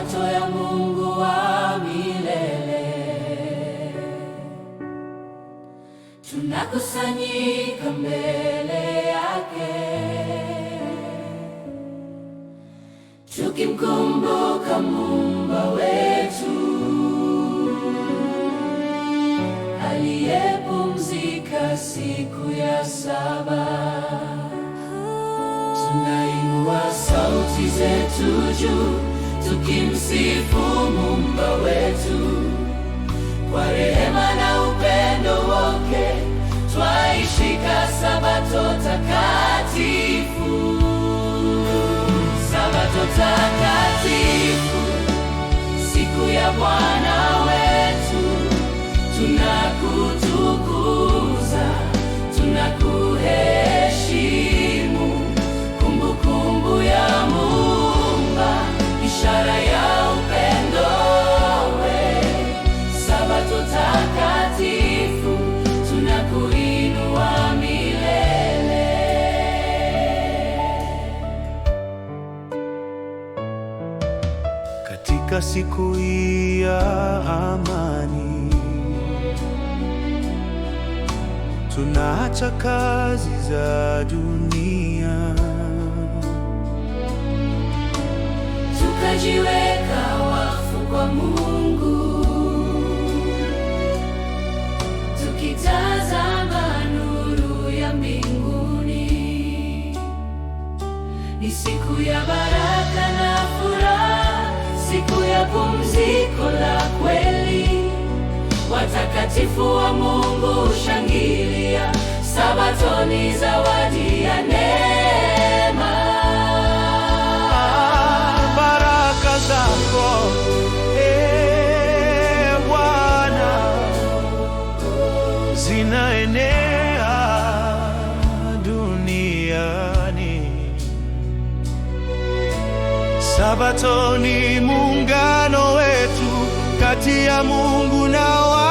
macho ya Mungu wa milele. Tunakusanyika mbele yake tukimkumbuka Mungu wetu aliyepumzika siku ya saba. Tunainua sauti zetu juu tukimsifu Muumba wetu kwa rehema na upendo wake, twaishika Sabato takatifu Sabato takatifu katika siku hii ya amani, tunaacha kazi za dunia, tukajiweka wafu kwa Mungu, tukitazama nuru ya mbinguni. Ni siku ya baraka siku ya pumziko la kweli, watakatifu wa Mungu shangilia, Sabato ni zawadi ya neema. Baraka zako ee Bwana zinaenea Sabato ni muungano wetu kati ya Mungu na wa